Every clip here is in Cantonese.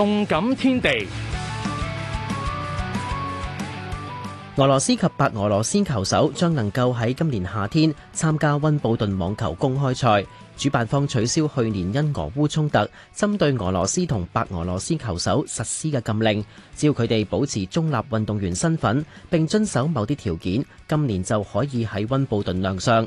動感天地。俄羅斯及白俄羅斯球手將能夠喺今年夏天參加溫布頓網球公開賽。主辦方取消去年因俄烏衝突針對俄羅斯同白俄羅斯球手實施嘅禁令，只要佢哋保持中立運動員身份，並遵守某啲條件，今年就可以喺溫布頓亮相。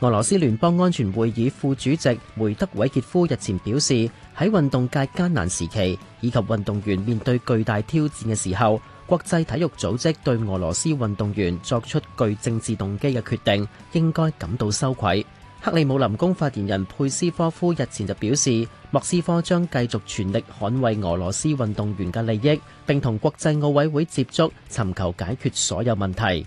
俄羅斯聯邦安全會議副主席梅德韋傑夫日前表示，喺運動界艱難時期以及運動員面對巨大挑戰嘅時候，國際體育組織對俄羅斯運動員作出具政治動機嘅決定，應該感到羞愧。克里姆林宮發言人佩斯科夫日前就表示，莫斯科將繼續全力捍衛俄羅斯運動員嘅利益，並同國際奧委會接觸，尋求解決所有問題。